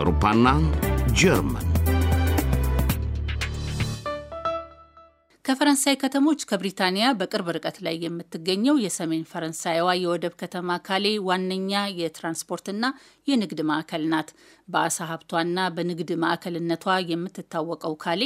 አውሮፓና ጀርመን ከፈረንሳይ ከተሞች ከብሪታንያ በቅርብ ርቀት ላይ የምትገኘው የሰሜን ፈረንሳይዋ የወደብ ከተማ ካሌ ዋነኛ የትራንስፖርትና የንግድ ማዕከል ናት። በአሳ ሀብቷና በንግድ ማዕከልነቷ የምትታወቀው ካሌ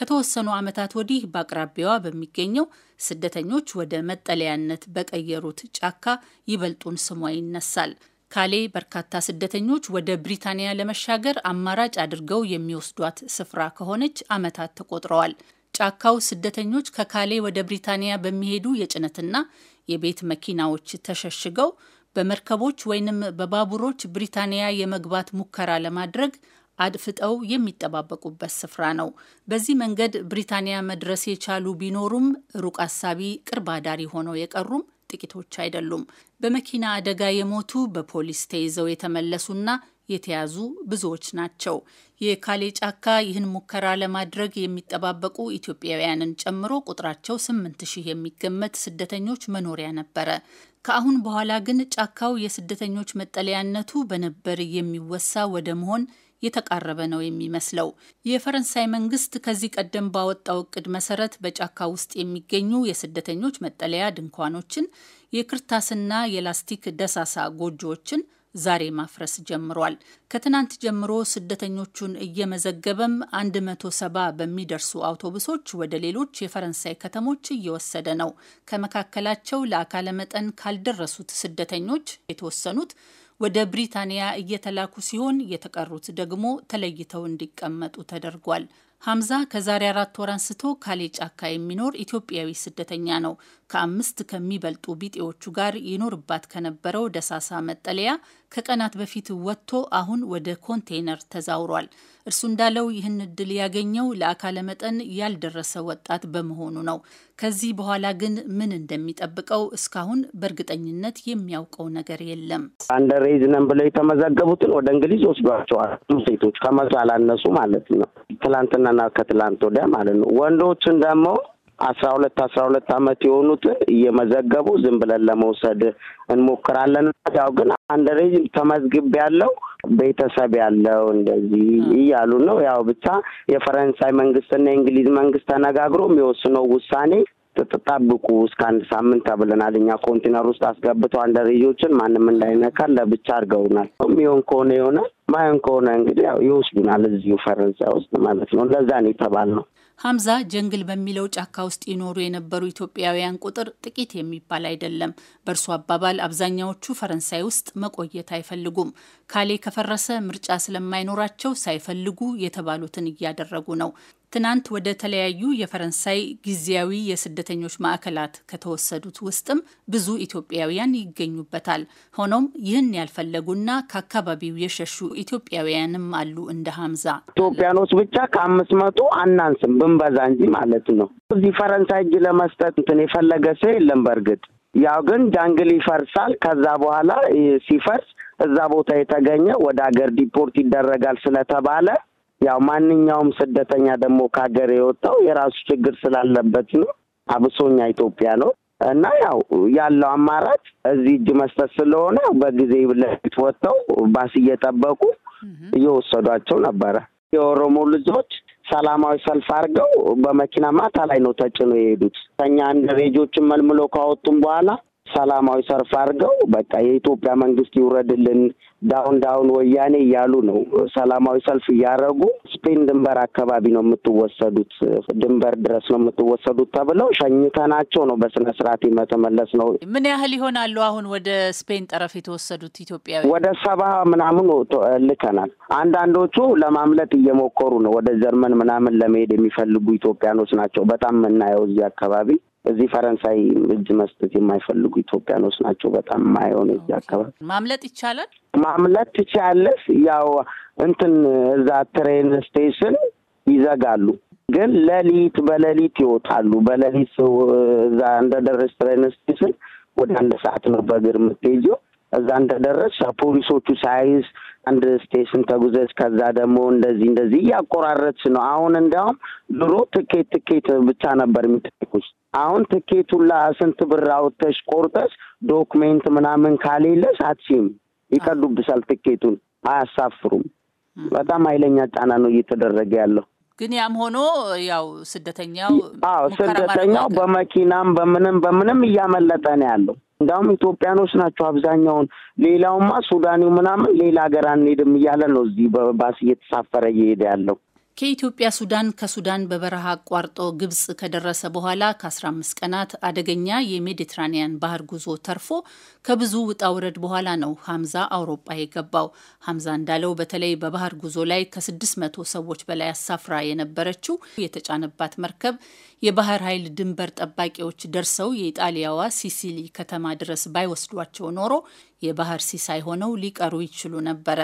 ከተወሰኑ ዓመታት ወዲህ በአቅራቢያዋ በሚገኘው ስደተኞች ወደ መጠለያነት በቀየሩት ጫካ ይበልጡን ስሟ ይነሳል። ካሌ በርካታ ስደተኞች ወደ ብሪታንያ ለመሻገር አማራጭ አድርገው የሚወስዷት ስፍራ ከሆነች ዓመታት ተቆጥረዋል። ጫካው ስደተኞች ከካሌ ወደ ብሪታንያ በሚሄዱ የጭነትና የቤት መኪናዎች ተሸሽገው በመርከቦች ወይንም በባቡሮች ብሪታንያ የመግባት ሙከራ ለማድረግ አድፍጠው የሚጠባበቁበት ስፍራ ነው። በዚህ መንገድ ብሪታንያ መድረስ የቻሉ ቢኖሩም ሩቅ አሳቢ ቅርብ አዳሪ ሆነው የቀሩም ጥቂቶች አይደሉም። በመኪና አደጋ የሞቱ በፖሊስ ተይዘው የተመለሱና የተያዙ ብዙዎች ናቸው። የካሌ ጫካ ይህን ሙከራ ለማድረግ የሚጠባበቁ ኢትዮጵያውያንን ጨምሮ ቁጥራቸው ስምንት የሚገመት ስደተኞች መኖሪያ ነበረ። ከአሁን በኋላ ግን ጫካው የስደተኞች መጠለያነቱ በነበር የሚወሳ ወደ መሆን የተቃረበ ነው የሚመስለው። የፈረንሳይ መንግስት ከዚህ ቀደም ባወጣው እቅድ መሰረት በጫካ ውስጥ የሚገኙ የስደተኞች መጠለያ ድንኳኖችን፣ የክርታስና የላስቲክ ደሳሳ ጎጆዎችን ዛሬ ማፍረስ ጀምሯል። ከትናንት ጀምሮ ስደተኞቹን እየመዘገበም 170 በሚደርሱ አውቶቡሶች ወደ ሌሎች የፈረንሳይ ከተሞች እየወሰደ ነው። ከመካከላቸው ለአካለ መጠን ካልደረሱት ስደተኞች የተወሰኑት ወደ ብሪታንያ እየተላኩ ሲሆን የተቀሩት ደግሞ ተለይተው እንዲቀመጡ ተደርጓል። ሀምዛ ከዛሬ አራት ወር አንስቶ ካሌ ጫካ የሚኖር ኢትዮጵያዊ ስደተኛ ነው። ከአምስት ከሚበልጡ ቢጤዎቹ ጋር ይኖርባት ከነበረው ደሳሳ መጠለያ ከቀናት በፊት ወጥቶ አሁን ወደ ኮንቴይነር ተዛውሯል። እርሱ እንዳለው ይህን እድል ያገኘው ለአካለ መጠን ያልደረሰ ወጣት በመሆኑ ነው። ከዚህ በኋላ ግን ምን እንደሚጠብቀው እስካሁን በእርግጠኝነት የሚያውቀው ነገር የለም። አንደር ኤጅ ነን ብለው የተመዘገቡትን ወደ እንግሊዝ ወስዷቸዋል። ሴቶች ከመቶ አላነሱ ማለት ነው። ትላንትናና ከትላንት ወዲያ ማለት ነው። ወንዶችን ደግሞ አስራ ሁለት አስራ ሁለት አመት የሆኑት እየመዘገቡ ዝም ብለን ለመውሰድ እንሞክራለን። ያው ግን አንድ ሬጅም ተመዝግብ ያለው ቤተሰብ ያለው እንደዚህ እያሉ ነው። ያው ብቻ የፈረንሳይ መንግስትና የእንግሊዝ መንግስት ተነጋግሮ የሚወስነው ውሳኔ ተጠብቁ እስከ አንድ ሳምንት ተብለናል። እኛ ኮንቴነር ውስጥ አስገብተው አንደርዮችን ማንም እንዳይነካል ለብቻ አድርገውናል። የሚሆን ከሆነ የሆነ ማየን ከሆነ እንግዲህ ያው ይወስዱናል እዚሁ ፈረንሳይ ውስጥ ማለት ነው። ለዛ ነው የተባልነው። ሀምዛ ጀንግል በሚለው ጫካ ውስጥ ይኖሩ የነበሩ ኢትዮጵያውያን ቁጥር ጥቂት የሚባል አይደለም። በእርሱ አባባል አብዛኛዎቹ ፈረንሳይ ውስጥ መቆየት አይፈልጉም። ካሌ ከፈረሰ ምርጫ ስለማይኖራቸው ሳይፈልጉ የተባሉትን እያደረጉ ነው። ትናንት ወደ ተለያዩ የፈረንሳይ ጊዜያዊ የስደተኞች ማዕከላት ከተወሰዱት ውስጥም ብዙ ኢትዮጵያውያን ይገኙበታል። ሆኖም ይህን ያልፈለጉና ከአካባቢው የሸሹ ኢትዮጵያውያንም አሉ። እንደ ሀምዛ ኢትዮጵያኖች ብቻ ከአምስት መቶ አናንስም ብንበዛ እንጂ ማለት ነው። እዚህ ፈረንሳይ እጅ ለመስጠት እንትን የፈለገ ሰው የለም። በእርግጥ ያው ግን ዳንግል ይፈርሳል። ከዛ በኋላ ሲፈርስ እዛ ቦታ የተገኘ ወደ ሀገር ዲፖርት ይደረጋል ስለተባለ ያው ማንኛውም ስደተኛ ደግሞ ከሀገር የወጣው የራሱ ችግር ስላለበት ነው። አብሶኛ ኢትዮጵያ ነው እና ያው ያለው አማራጭ እዚህ እጅ መስጠት ስለሆነ በጊዜ ለፊት ወጥተው ባስ እየጠበቁ እየወሰዷቸው ነበረ። የኦሮሞ ልጆች ሰላማዊ ሰልፍ አድርገው በመኪና ማታ ላይ ነው ተጭኖ የሄዱት። ከኛ አንድ ሬጆችን መልምሎ ካወጡም በኋላ ሰላማዊ ሰልፍ አድርገው በቃ የኢትዮጵያ መንግስት ይውረድልን ዳውን ዳውን ወያኔ እያሉ ነው። ሰላማዊ ሰልፍ እያደረጉ ስፔን ድንበር አካባቢ ነው የምትወሰዱት፣ ድንበር ድረስ ነው የምትወሰዱት ተብለው ሸኝተናቸው ነው በስነ ስርዓት የተመለስ ነው። ምን ያህል ይሆናሉ አሁን ወደ ስፔን ጠረፍ የተወሰዱት ኢትዮጵያዊ? ወደ ሰባ ምናምን ልከናል። አንዳንዶቹ ለማምለጥ እየሞከሩ ነው። ወደ ጀርመን ምናምን ለመሄድ የሚፈልጉ ኢትዮጵያኖች ናቸው። በጣም የምናየው እዚህ አካባቢ እዚህ ፈረንሳይ እጅ መስጠት የማይፈልጉ ኢትዮጵያኖች ናቸው። በጣም ማየሆነ እዚ አካባቢ ማምለጥ ይቻላል፣ ማምለጥ ትችላለህ። ያው እንትን እዛ ትሬን ስቴሽን ይዘጋሉ ግን ለሊት በሌሊት ይወጣሉ። በሌሊት ሰው እዛ እንደደረስ ትሬን ስቴሽን ወደ አንድ ሰዓት ነው በእግር የምትሄጂው። እዛ እንደደረስ ፖሊሶቹ ሳይዝ አንድ ስቴሽን ተጉዘች፣ ከዛ ደግሞ እንደዚህ እንደዚህ እያቆራረች ነው። አሁን እንዲያውም ድሮ ትኬት ትኬት ብቻ ነበር የሚጠይቁት አሁን ትኬቱላ ስንት ብር አውጥተሽ ቆርጠሽ ዶክሜንት ምናምን ካሌለሽ አትሲም ይቀዱብሻል ትኬቱን። አያሳፍሩም። በጣም ኃይለኛ ጫና ነው እየተደረገ ያለው። ግን ያም ሆኖ ያው ስደተኛው አዎ ስደተኛው በመኪናም በምንም በምንም እያመለጠ ነው ያለው። እንዲሁም ኢትዮጵያኖች ናቸው አብዛኛውን። ሌላውማ ሱዳኒው ምናምን ሌላ ሀገር አንሄድም እያለ ነው እዚህ በባስ እየተሳፈረ እየሄደ ያለው። ከኢትዮጵያ ሱዳን ከሱዳን በበረሃ አቋርጦ ግብጽ ከደረሰ በኋላ ከ15 ቀናት አደገኛ የሜዲትራኒያን ባህር ጉዞ ተርፎ ከብዙ ውጣ ውረድ በኋላ ነው ሀምዛ አውሮፓ የገባው። ሀምዛ እንዳለው በተለይ በባህር ጉዞ ላይ ከ600 ሰዎች በላይ አሳፍራ የነበረችው የተጫነባት መርከብ የባህር ኃይል ድንበር ጠባቂዎች ደርሰው የኢጣሊያዋ ሲሲሊ ከተማ ድረስ ባይወስዷቸው ኖሮ የባህር ሲሳይ ሆነው ሊቀሩ ይችሉ ነበረ።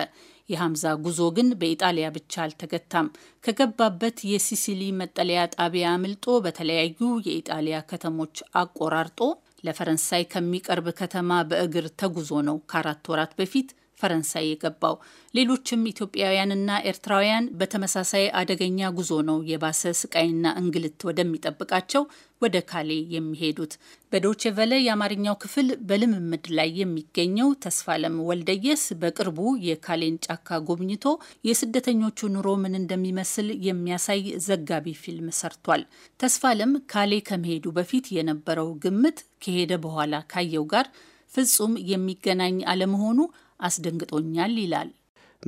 የሐምዛ ጉዞ ግን በኢጣሊያ ብቻ አልተገታም። ከገባበት የሲሲሊ መጠለያ ጣቢያ አምልጦ በተለያዩ የኢጣሊያ ከተሞች አቆራርጦ ለፈረንሳይ ከሚቀርብ ከተማ በእግር ተጉዞ ነው ከአራት ወራት በፊት ፈረንሳይ የገባው። ሌሎችም ኢትዮጵያውያንና ኤርትራውያን በተመሳሳይ አደገኛ ጉዞ ነው የባሰ ስቃይና እንግልት ወደሚጠብቃቸው ወደ ካሌ የሚሄዱት። በዶቼ ቨለ የአማርኛው ክፍል በልምምድ ላይ የሚገኘው ተስፋለም ወልደየስ በቅርቡ የካሌን ጫካ ጎብኝቶ የስደተኞቹ ኑሮ ምን እንደሚመስል የሚያሳይ ዘጋቢ ፊልም ሰርቷል። ተስፋለም ካሌ ከመሄዱ በፊት የነበረው ግምት ከሄደ በኋላ ካየው ጋር ፍጹም የሚገናኝ አለመሆኑ አስደንግጦኛል ይላል።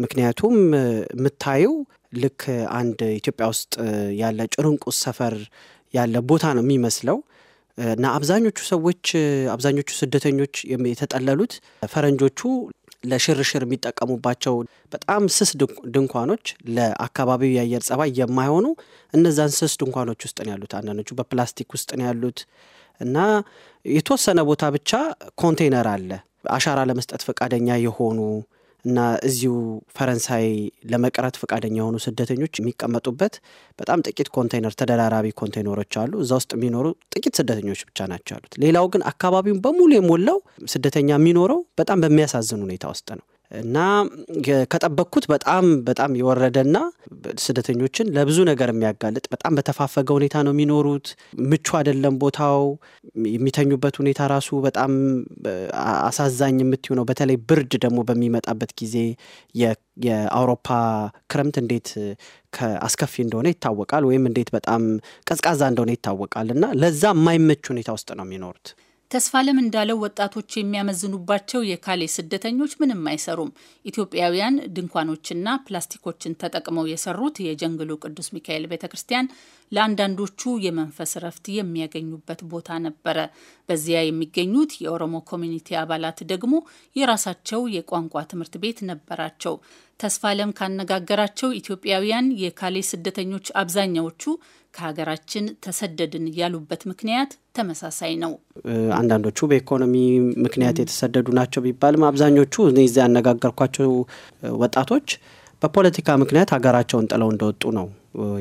ምክንያቱም የምታየው ልክ አንድ ኢትዮጵያ ውስጥ ያለ ጭርንቁስ ሰፈር ያለ ቦታ ነው የሚመስለው እና አብዛኞቹ ሰዎች አብዛኞቹ ስደተኞች የተጠለሉት ፈረንጆቹ ለሽርሽር የሚጠቀሙባቸው በጣም ስስ ድንኳኖች ለአካባቢው የአየር ጸባይ የማይሆኑ እነዛን ስስ ድንኳኖች ውስጥ ነው ያሉት። አንዳንዶቹ በፕላስቲክ ውስጥ ነው ያሉት እና የተወሰነ ቦታ ብቻ ኮንቴነር አለ አሻራ ለመስጠት ፈቃደኛ የሆኑ እና እዚሁ ፈረንሳይ ለመቅረት ፈቃደኛ የሆኑ ስደተኞች የሚቀመጡበት በጣም ጥቂት ኮንቴይነር ተደራራቢ ኮንቴይነሮች አሉ። እዛ ውስጥ የሚኖሩ ጥቂት ስደተኞች ብቻ ናቸው ያሉት። ሌላው ግን አካባቢውን በሙሉ የሞላው ስደተኛ የሚኖረው በጣም በሚያሳዝን ሁኔታ ውስጥ ነው። እና ከጠበቅኩት በጣም በጣም የወረደና ስደተኞችን ለብዙ ነገር የሚያጋልጥ በጣም በተፋፈገ ሁኔታ ነው የሚኖሩት። ምቹ አይደለም ቦታው። የሚተኙበት ሁኔታ ራሱ በጣም አሳዛኝ የምትሆ ነው። በተለይ ብርድ ደግሞ በሚመጣበት ጊዜ የአውሮፓ ክረምት እንዴት አስከፊ እንደሆነ ይታወቃል፣ ወይም እንዴት በጣም ቀዝቃዛ እንደሆነ ይታወቃል። እና ለዛ የማይመች ሁኔታ ውስጥ ነው የሚኖሩት። ተስፋለም እንዳለው ወጣቶች የሚያመዝኑባቸው የካሌ ስደተኞች ምንም አይሰሩም። ኢትዮጵያውያን ድንኳኖችና ፕላስቲኮችን ተጠቅመው የሰሩት የጀንግሉ ቅዱስ ሚካኤል ቤተ ክርስቲያን ለአንዳንዶቹ የመንፈስ እረፍት የሚያገኙበት ቦታ ነበረ። በዚያ የሚገኙት የኦሮሞ ኮሚኒቲ አባላት ደግሞ የራሳቸው የቋንቋ ትምህርት ቤት ነበራቸው። ተስፋ አለም ካነጋገራቸው ኢትዮጵያውያን የካሌ ስደተኞች አብዛኛዎቹ ከሀገራችን ተሰደድን ያሉበት ምክንያት ተመሳሳይ ነው። አንዳንዶቹ በኢኮኖሚ ምክንያት የተሰደዱ ናቸው ቢባልም አብዛኞቹ እዚህ ያነጋገርኳቸው ወጣቶች በፖለቲካ ምክንያት ሀገራቸውን ጥለው እንደወጡ ነው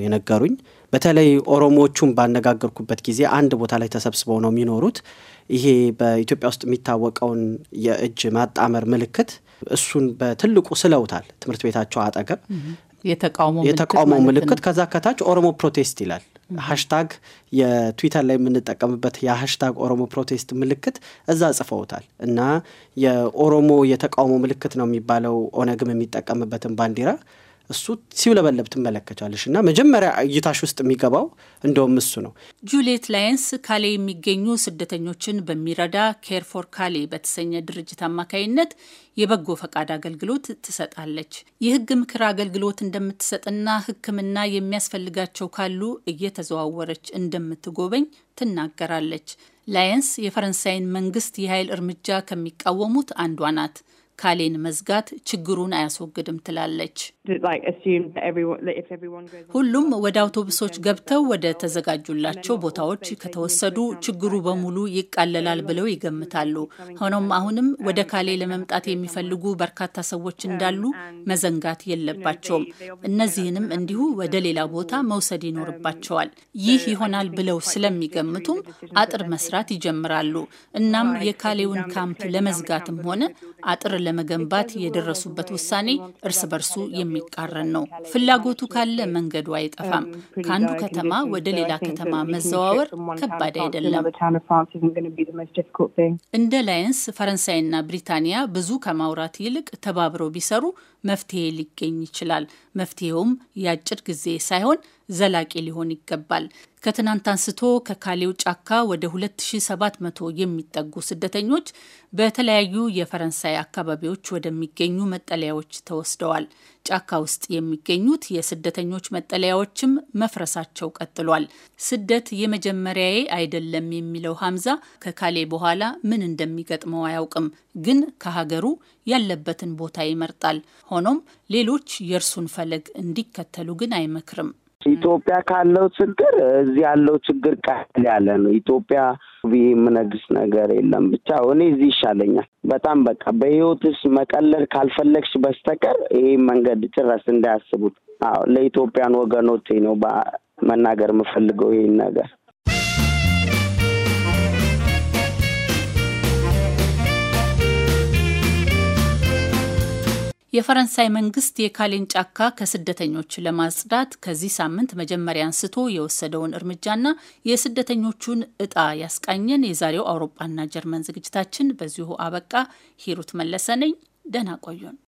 የነገሩኝ። በተለይ ኦሮሞዎቹን ባነጋገርኩበት ጊዜ አንድ ቦታ ላይ ተሰብስበው ነው የሚኖሩት። ይሄ በኢትዮጵያ ውስጥ የሚታወቀውን የእጅ ማጣመር ምልክት እሱን በትልቁ ስለውታል። ትምህርት ቤታቸው አጠገብ የተቃውሞ ምልክት ከዛ ከታች ኦሮሞ ፕሮቴስት ይላል። ሀሽታግ የትዊተር ላይ የምንጠቀምበት የሀሽታግ ኦሮሞ ፕሮቴስት ምልክት እዛ ጽፈውታል እና የኦሮሞ የተቃውሞ ምልክት ነው የሚባለው ኦነግም የሚጠቀምበትን ባንዲራ እሱ ሲውለበለብ ትመለከቻለሽ እና መጀመሪያ እይታሽ ውስጥ የሚገባው እንደውም እሱ ነው። ጁሊየት ላየንስ ካሌ የሚገኙ ስደተኞችን በሚረዳ ኬር ፎር ካሌ በተሰኘ ድርጅት አማካይነት የበጎ ፈቃድ አገልግሎት ትሰጣለች። የህግ ምክር አገልግሎት እንደምትሰጥና ሕክምና የሚያስፈልጋቸው ካሉ እየተዘዋወረች እንደምትጎበኝ ትናገራለች። ላየንስ የፈረንሳይን መንግስት የኃይል እርምጃ ከሚቃወሙት አንዷ ናት። ካሌን መዝጋት ችግሩን አያስወግድም ትላለች። ሁሉም ወደ አውቶቡሶች ገብተው ወደ ተዘጋጁላቸው ቦታዎች ከተወሰዱ ችግሩ በሙሉ ይቃለላል ብለው ይገምታሉ። ሆኖም አሁንም um, ወደ ካሌ ለመምጣት የሚፈልጉ በርካታ ሰዎች um, እንዳሉ መዘንጋት የለባቸውም። እነዚህንም እንዲሁ ወደ ሌላ ቦታ መውሰድ um, ይኖርባቸዋል። ይህ ይሆናል ብለው ስለሚገምቱም አጥር መስራት ይጀምራሉ። እናም የካሌውን ካምፕ ለመዝጋትም ሆነ አጥር ለመገንባት የደረሱበት ውሳኔ እርስ በርሱ የሚ የሚቃረን ነው። ፍላጎቱ ካለ መንገዱ አይጠፋም። ከአንዱ ከተማ ወደ ሌላ ከተማ መዘዋወር ከባድ አይደለም። እንደ ላየንስ ፈረንሳይና ብሪታንያ ብዙ ከማውራት ይልቅ ተባብረው ቢሰሩ መፍትሄ ሊገኝ ይችላል። መፍትሄውም የአጭር ጊዜ ሳይሆን ዘላቂ ሊሆን ይገባል። ከትናንት አንስቶ ከካሌው ጫካ ወደ 2700 የሚጠጉ ስደተኞች በተለያዩ የፈረንሳይ አካባቢዎች ወደሚገኙ መጠለያዎች ተወስደዋል። ጫካ ውስጥ የሚገኙት የስደተኞች መጠለያዎችም መፍረሳቸው ቀጥሏል። ስደት የመጀመሪያዬ አይደለም የሚለው ሀምዛ ከካሌ በኋላ ምን እንደሚገጥመው አያውቅም፣ ግን ከሀገሩ ያለበትን ቦታ ይመርጣል። ሆኖም ሌሎች የእርሱን ፈለግ እንዲከተሉ ግን አይመክርም። ኢትዮጵያ ካለው ችግር እዚህ ያለው ችግር ቀል ያለ ነው። ኢትዮጵያ የምነግስ ነገር የለም። ብቻ እኔ እዚህ ይሻለኛል በጣም በቃ በህይወትስ መቀለል ካልፈለግሽ በስተቀር ይሄ መንገድ ጭራሽ እንዳያስቡት። ለኢትዮጵያን ወገኖቼ ነው መናገር የምፈልገው ይህን ነገር። የፈረንሳይ መንግስት የካሌን ጫካ ከስደተኞች ለማጽዳት ከዚህ ሳምንት መጀመሪያ አንስቶ የወሰደውን እርምጃና የስደተኞቹን እጣ ያስቃኘን የዛሬው አውሮፓና ጀርመን ዝግጅታችን በዚሁ አበቃ። ሂሩት መለሰ ነኝ። ደህና ቆዩን።